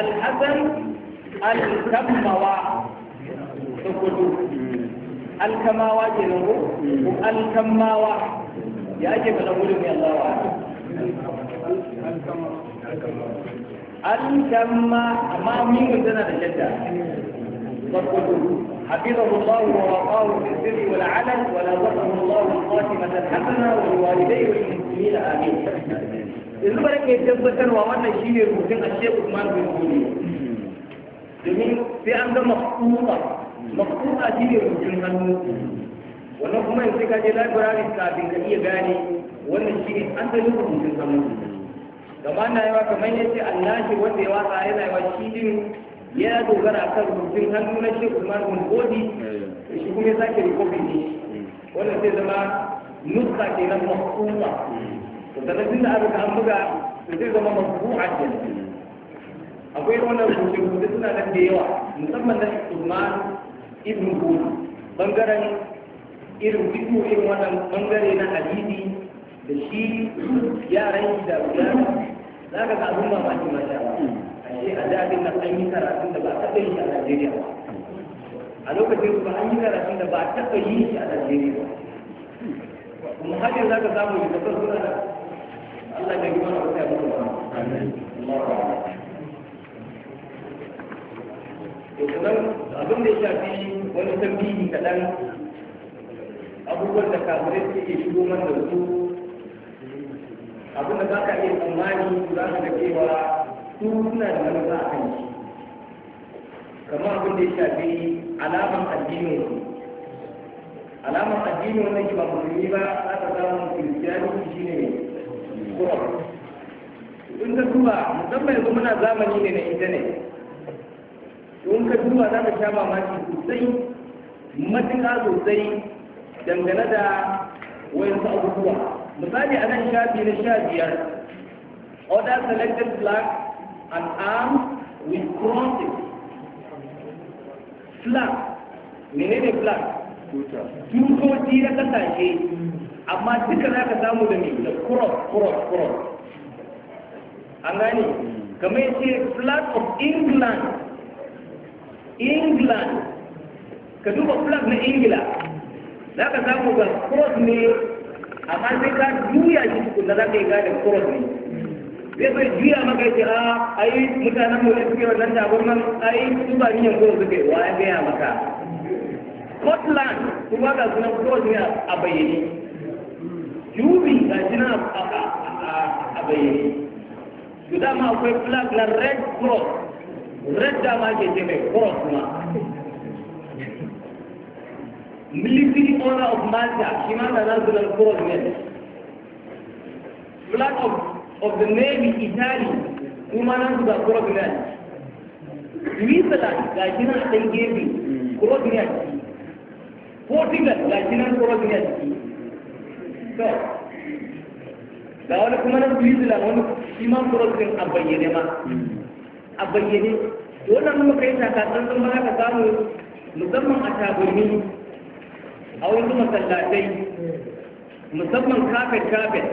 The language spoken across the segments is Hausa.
الحسن الكموى تقولوا الكماوى جنوه الكماوى يا أجب الأول يا الله وعلا ما أما مين سنة الشدة تقولوا حفظه الله ووقاه في السر والعلن ولا الله القاتمة الحسنة والوالدين والمسلمين آمين yanzu ba ke tabbatarwa wannan shi ne rubutun a shekul man bin gode domin sai an ga mafuta mafuta shi ne rubutun hannu wannan kuma yanzu ka je library kafin ka iya gane wannan shi ne an ga rubutun hannu gama na yawa kamar yace allahi wanda ya wasa yana yawa shi din ya dogara kan rubutun hannu na shekul man bin gode shi kuma ya sake rikobi ne wannan sai zama nuska kenan mafuta to da aka an buga to zai zama mafu'a kenan akwai wannan rubuce rubuce suna nan da yawa musamman na Usman ibn Gona bangaren irin fito irin wannan bangare na hadisi da shi yaran da yaran za ka ga abin mamaki masha ashe a ce a dadin nan an yi karatun da ba a taɓa yi a Najeriya ba a lokacin ba an yi karatun da ba a taɓa yi a Najeriya ba kuma hajjar za ka samu yi kasar suna da Allah ka yi mana wata yadda ba abin da ya shafi wani tambayi kaɗan abubuwan da kafirai suke shigo man da su abin da za ka iya tsammani za ka ga cewa su suna da manufa a kan shi kamar abin da ya shafi alaman addinin su alaman addinin wannan shi ba musulmi ba za ka samu kiristiyani shi ne kuwa in ka duba musamman yanzu muna zamani ne na intanet in ka duba za ka sha mamaki sosai matuƙa sosai dangane da wayansu abubuwa misali a nan shafi na sha biyar order selected flag and arms with crosses flag menene flag tutoci na kasashe amma duka za ka samu da mai da cross cross cross an gani kamar ya ce flag of england england ka duba flag na ingila za ka samu ga cross ne amma sai ka juya shi tukunna za ka yi gadin cross ne zai bai juya maka ya ce a ah, ai mutanen mu ne suke wannan tabar nan yi su ba ni yanzu suke wa ya gaya maka Scotland kuma ga sunan cross ne a bayyane dubi ga shi nan a bayyane su dama akwai flag na red cross red dama ke ce mai cross ma military order of malta shi ma da national cross ne flag of, of the navy italy kuma na su ga cross ne switzerland ga shi nan a ɗan gefe cross ne a ciki portugal ga shi cross ne ga wani kuma na zila wani iman kurosin a bayyane ma a bayyane wannan muka yi takatsan zan ba ka samu musamman a tagomi a wasu masallatai musamman kafet kafet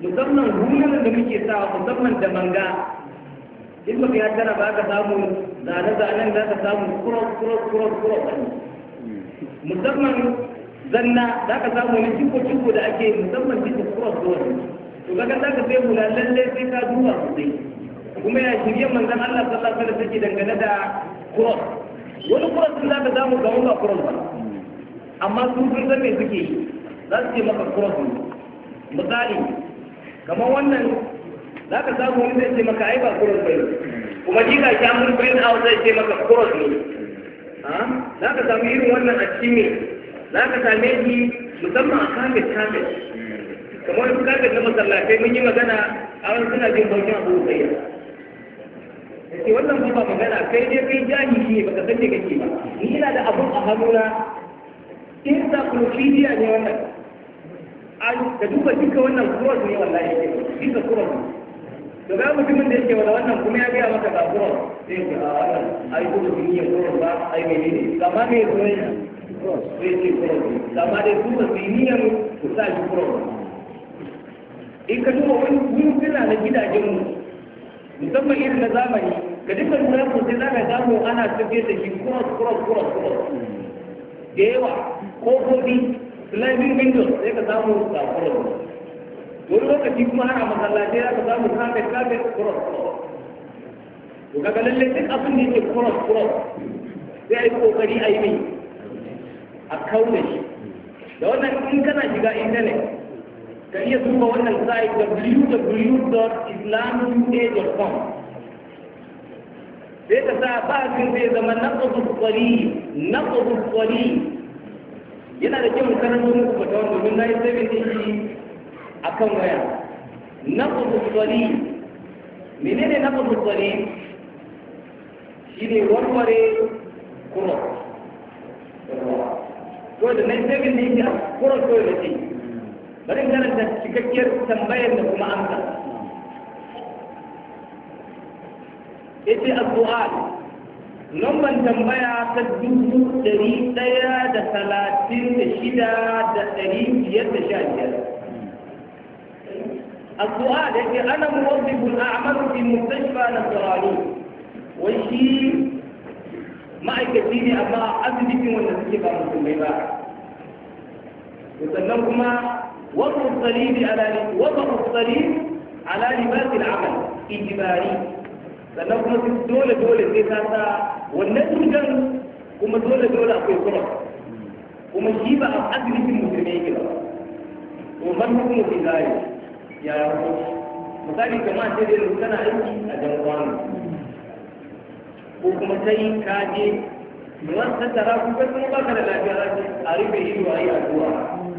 musamman hulunan da muke sa musamman da manga in ba ya tara ba ka samu zane-zanen za ka samu cross cross musamman zanna za ka samu wani ciko-ciko da ake musamman cikin cross zuwa to kaga za ka sai hula lallai sai ka duba sosai kuma ya shirye manzan Allah sallallahu alaihi wasallam take dangane da cross wani cross din za ka samu ga wani cross ba amma su sun san me suke yi za su ce maka cross ne misali kamar wannan za ka samu wani zai ce maka ai ba cross ba kuma ji ka sha mun print out zai ce maka cross ne ah, za ka samu irin wannan a cikin za ka same shi musamman a kafet kafet kamar su kafet na masallatai mun yi magana a wani suna jin bautin abu sayya ce wannan ba magana kai dai kai jahili ne baka san me kake ba ni ina da abun a hannuna in sa kulofidiya ne wannan da duka duka wannan kuros ne wallahi yake duka kuros to ga mutumin da yake wala wannan kuma ya gaya maka ga kuros sai ka a ah, wannan ai kuros ne kuros ba ai menene amma me zo ne zai ce kuma su amma dai su ba su yi niyyar su sa shi kuma ba in ka duba wani gurbina na gidajenmu musamman irin na zamani ga dukkan lura sosai za ka samu ana tafiye da shi cross cross cross cross da yawa ko kofi sliding windows sai ka samu sa cross wani lokaci kuma har a masallatai za ka samu carpet carpet cross cross to kaga lallai duk abin da yake cross cross sai a yi kokari a yi mai a kauna shi da wannan in kana shiga intanet ka iya duba wannan site www.islamuka.com sai ka sa ba kin zai zama na tsari na tsari yana da kyau karanta muku ba ta wannan domin nayi saving din shi kan waya naqdu tsari menene naqdu shi ne warware kuma ko da nan ta bin ninja kuran ko da ce bari in karanta cikakkiyar tambayar da kuma amsa yace addu'a numban tambaya ta dubu ɗari ɗaya da talatin da shida da ɗari biyar da sha biyar السؤال يجي أنا موظف أعمل في مستشفى نصراني وشي ما يكفيني أما أثبت ولا تكفى مسلمي sannan kuma wasu salibi ala wasu salibi ala libasil amal ijibari sannan kuma dole dole sai ta sa wannan cutar kuma dole dole akwai kuma kuma shi ba a asibitin musulmi yake ba to man hukumu fi zai ya yawo misali kamar sai dai kana aiki a jan kwano ko kuma ta yi ka je ruwan tattara kuka kuma ka da lafiya a rufe ido a yi addu'a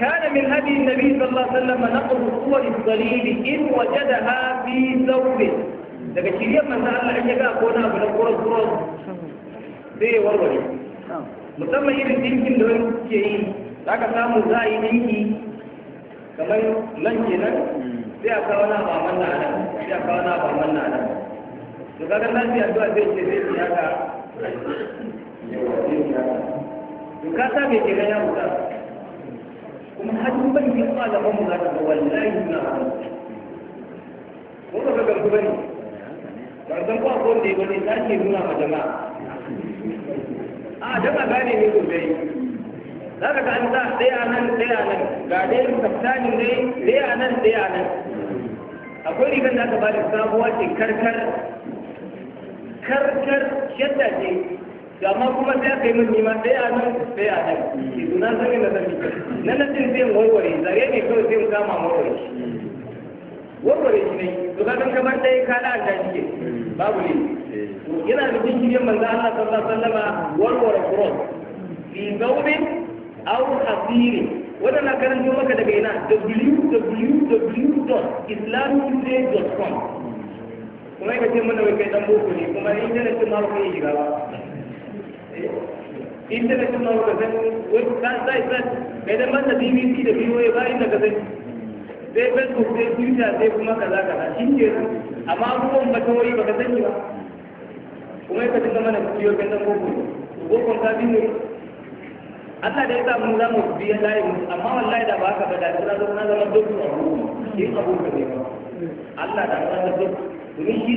كان من هدي النبي صلى الله عليه وسلم نقل الصور الصليب إن وجدها في ثوبه daga shirya manzo Allah in ya ga ko na abu na kuros kuros ya warware musamman irin dinkin da wani ke yi za ka samu za a yi dinki kamar nan sai a kawo na baman na sai a kawo na baman na ya ya kuma hannun bai ne ba da mamu zata ga wallahi na hannu ko ba ka bane ba san ko akwai wanda ya bane ta ke nuna ma jama'a a jama'a gane ne sosai za ka ga an sa ɗaya nan tsaya nan ga ɗaya kaftanin ne ɗaya nan tsaya nan akwai rigar da aka ba da sabuwa ce karkar karkar shadda ce amma kuma sai aka yi mun nima sai a nan sai a nan ki zuna sani na sani na na cin zai warware zare ne kawai sai mu kama warware shi warware shi ne to ka san kamar dai ka da ta shi babu ne yana da bincike manzo Allah sallallahu alaihi wasallam warware kuros fi zaubin aw wannan na karanto maka daga ina www.islamtoday.com kuma yi kace mana wai kai dan boko ne kuma ni da nake ma ku yi shiga ba inda da kuma ka san wani kan sai san kai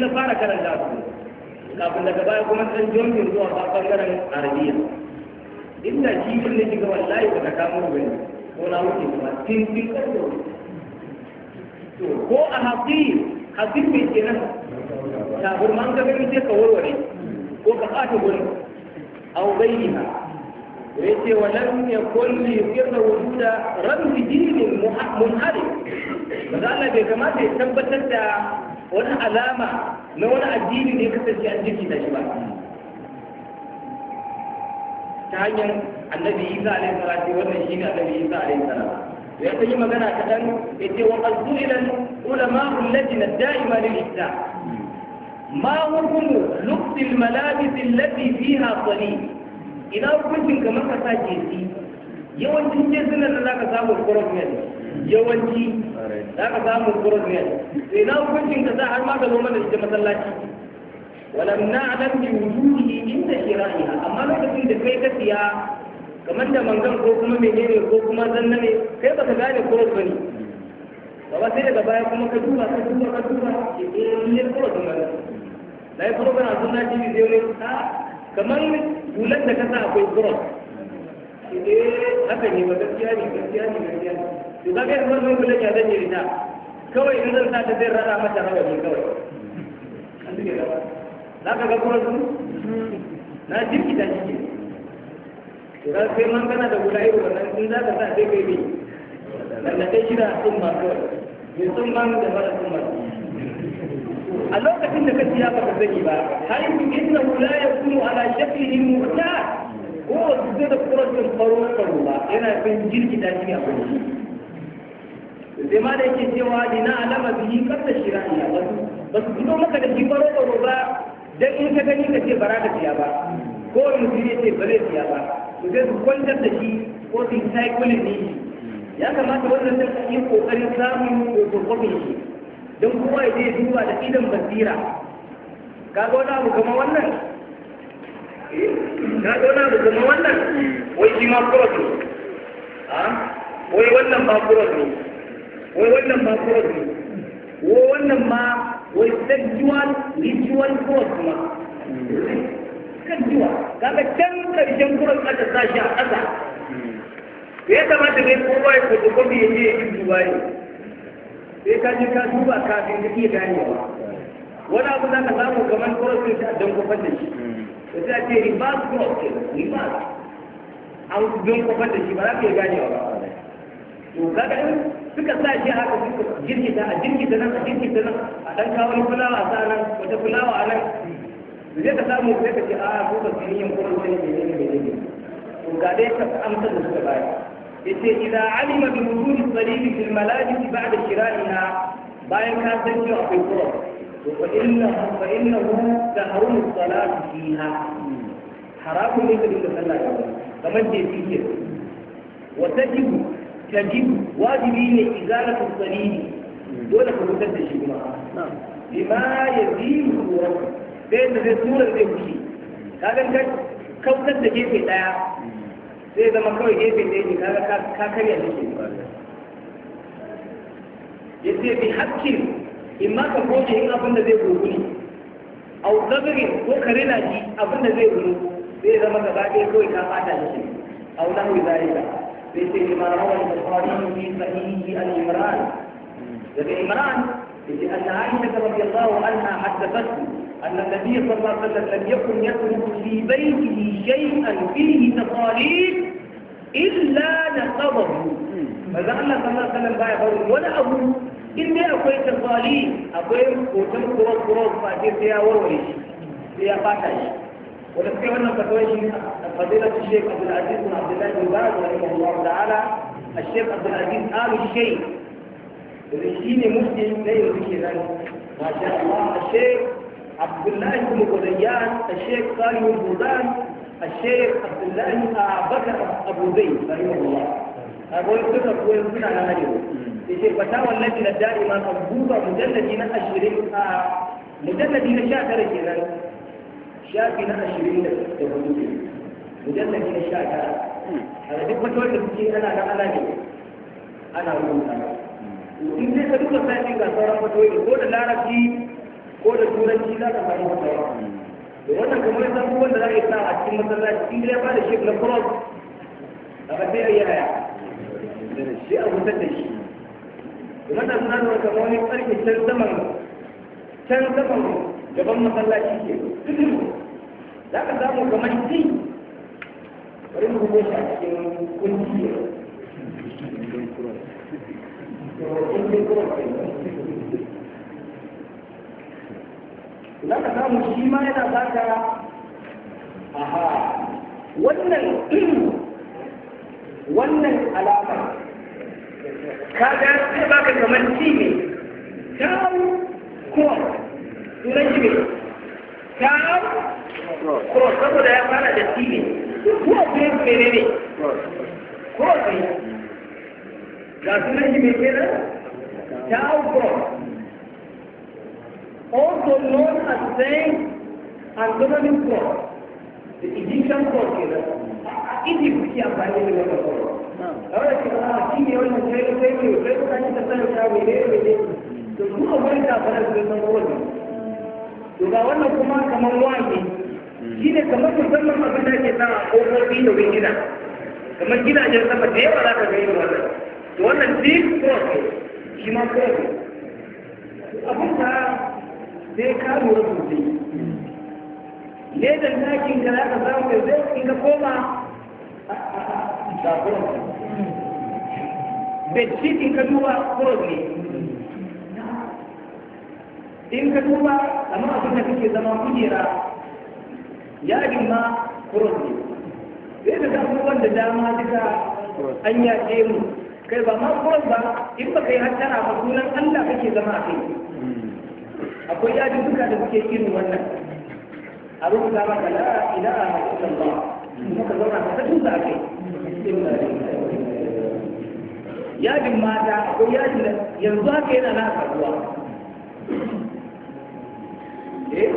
ta fara karanta kafin daga baya kuma san jomin zuwa ba bangaren arabiya inda shi din ne shiga wallahi ba ta kamo ba ne ko na wuce ba tin tin kallo to ko a haƙi haƙi mai kenan taburman ga mai sai ka warware ko ka ɓata gurin au gaiha ya ce wa lam yakun li yaqirra wujuda ramzi dinin munharif ba za bai kamata ya tabbatar da wani alama na wani addini ne kasance an jiki da shi ba ta hanyar annabi isa a salatu wannan ne annabi isa alaihi salatu ya ta yi magana kaɗan ya ce wa ƙasdu ilan ulama'ul lajina da'ima lil islam ما حكم لبس الملابس التي فيها صليب إذا كنت كما da za ka samu سامو القرآن yawanci za ka samu kurus ne sai na hukuncin ka sa har ma ka zo mana cikin masallaci walam na'lam bi wujuhi inda shira'iha amma lokacin da kai ka siya kamar da mangan ko kuma menene ko kuma zanna ne kai baka gane kurus ne ba sai daga baya kuma ka duba ka duba ka duba ke ne kurus ne na yi kurus na sunna ji zai ne kamar hulan da ka sa akwai kurus eh haka ne ba gaskiya ne gaskiya ne gaskiya ne to kaga yanzu mai kula ya zan yi kawai in zan ta zai rada mata rawa ne kawai za ka ga kuma su na jirki ta jiki to kaga sai man kana da guda irin wannan in za ka sa sai kai bi daga kai shida sun ma kawai mai sun ma da mara sun ma a lokacin da kaci ya baka sani ba har yi inna la yakunu ala shaklihi mu'tar ko zai da kuratun faru faru ba yana kan jirgi da shi a kuma sai ma da yake cewa ni na alama biyu karta shirani ba su ba su fito maka da shi baro baro ba dan in ka gani ka ce bara da siya ba ko mutum ya ce ba zai biya ba to sai su kwantar da shi ko su yi cycling ne ya kamata wannan sai yi kokarin samun kokokofin shi don kowa ya je duba da idan basira kaga wani abu kamar wannan eh, kaga wani abu kamar wannan wai shi ma kuros ne ah, wai wannan ba kuros ne wai wannan ma cross ne wai wannan ma wai sexual ritual cross ma sexual kaga can karshen cross aka sa shi a ƙasa ya kamata ne kowa ya kudu kuma ya je ya yi duba ne sai ka ji ka duba kafin ka gane ganewa wani abu za ka samu kamar cross ne ta don kofar da shi da ta ce reverse cross ke reverse an don kofar da shi ba za ka iya ganewa ba to kaga suka sa shi haka suka girgita a girgita nan a girgita nan a dan kawo fulawa a sa nan wata fulawa a nan zai ka samu zai ka ce a ko ka gani yin kuma wani ne ne ne ne to ga dai ka amsa da suka bayar yace idan alima bi wujudi salili fil malajis ba'da shira'iha bayan ka san cewa akwai kuma to fa innahu fa innahu tahrum as-salatu fiha haramun ne ka dinga sallah kamar jefi ke wa tajibu kanji wajibi ne izala ta tsari dole ka mutar da shi kuma ya zi ruwa sai da zai tura zai wuce ka ga ka kautar da zai zama kawai gefe da yake kaga ka karya da shi ya ce bi hakkin in ma ka goge yin abin da zai gobe ne a wutsabirin ko ka rina shi abin da zai gobe zai zama gaba ɗaya kawai ka fata da shi a wani hau zai صحيح أبي عمران أبي عمران لأن عائشة رضي الله عنها حدثته أن النبي صلى الله عليه وسلم لم يكن يترك في بيته شيئا فيه تقاليد إلا نقضه فإذا صلى الله عليه وسلم بايع قول ولا أبو إني أقوي تقاليد أقوي وتم قرص قرص فأتير فيها ورويش فيها فاتش ونذكر أن فتوى فضيلة الشيخ عبد العزيز بن عبد الله بن باز رحمه الله تعالى الشيخ عبد العزيز آل الشيخ مسلم لا يمكن ما شاء الله الشيخ عبد الله بن غليان الشيخ صالح البوزان الشيخ عبد الله آه، بكر أبو زيد رحمه الله أقول لك أقول لك على هذه الشيخ فتاوى اللجنة الدائمة مضبوطة مجلدين أشهرين آه، مجلدين شاكرة كذا شاكرة أشهرين مجلدين شاكرة a duk wata wanda kuke ana da ala ne ana rubuta in dai ka duka sani ga sauran fatoyi ko da larabci ko da turanci za ka samu wata da wannan kamar yadda abubuwan da za a yi sa a cikin masallaci in dai ba da shi na cross a ba sai a yi haya da shi a wutar da shi wannan suna da kamar wani tsarki can zaman can zaman gaban masallaci ke za ka samu kamar jin bari mu ne shi a za ka samu shi ma yana baka aha wannan wannan alama kaga zai baka kamar ci ne kawo ko turanci ne kawo ko saboda ya fara da ci ne ko sai mene ne ko sai ga sunan shi mai kenan child God also known as Saint Anthony God the Egyptian God kenan a Egypt amfani da wannan God Ahora que va aquí, yo no sé, yo sé, yo sé, yo sé, yo sé, ta sé, yo sé, to su amurka ba da su zama wani. To ga wannan kuma kamar wani shine ne kamar musamman abin da ke sa ƙofofi domin gida kamar gidajen sama da yawa za ka ga irin wannan to wannan deep cross ne shi ma cross ne abin da sai kama lura sosai ledan ɗakin ka za ka samu ka zai in ka koma bedsheet in ka duba cross ne in ka duba amma abin da kake zama kujera yajin ma kuros ne sai da abubuwan da dama duka an yaƙe mu kai ba ma kuros ba in ba kai hattara ba sunan allah kake zama a kai akwai yajin duka da suke irin wannan a rubuta maka ina a illallah kuma ka zauna ka tafi a kai yajin mata akwai yajin yanzu haka yana na karuwa eh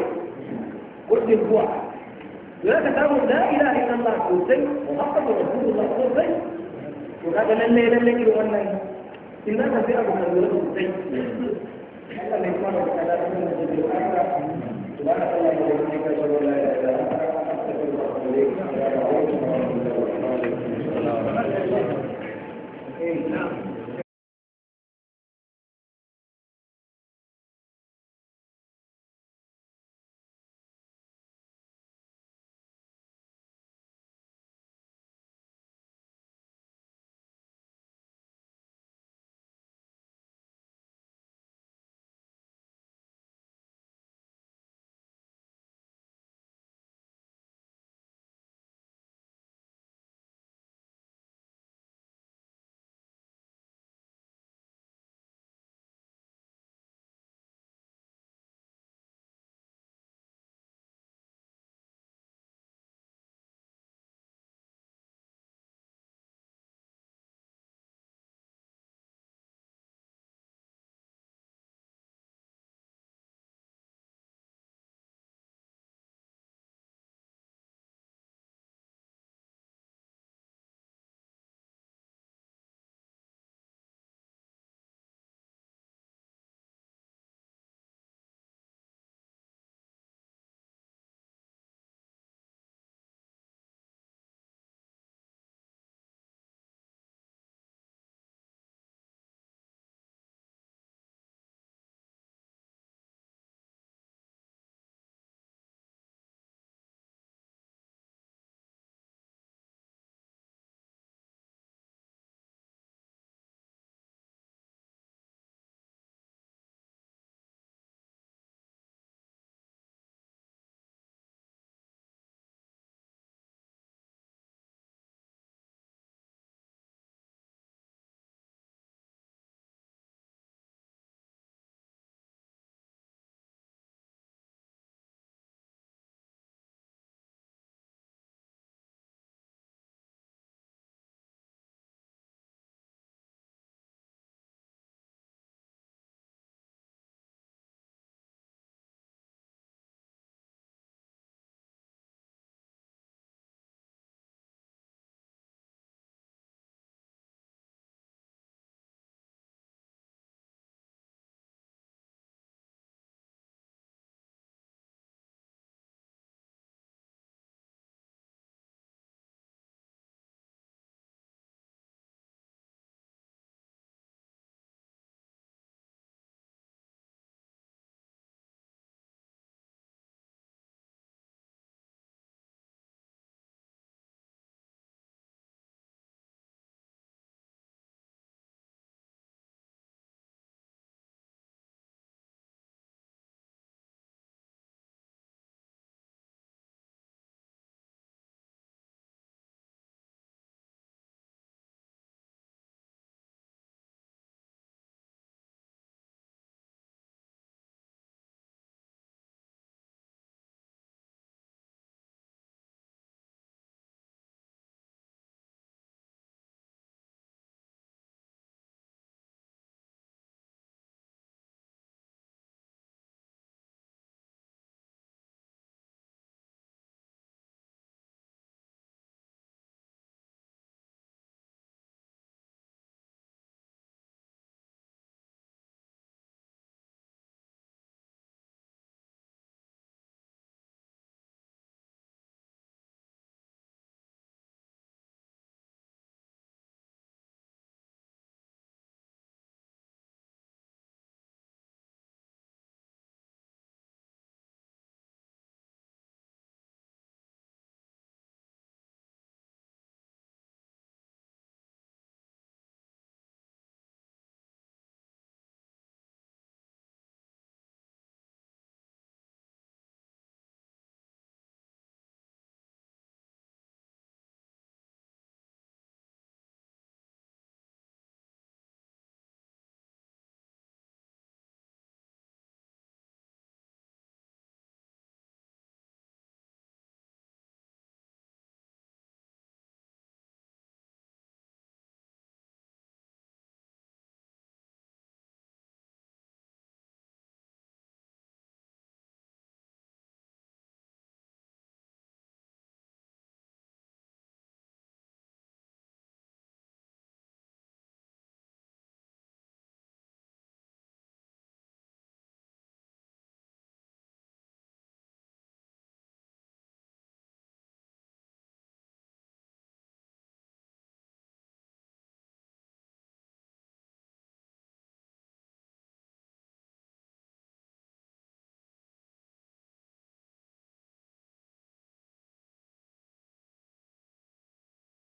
kurdin kuwa za ka samu la ilaha illallah sosai muhammadu rasulullah sosai to kaga lalle lalle irin wannan in za ka sai abu da kada da kuma da Thank you.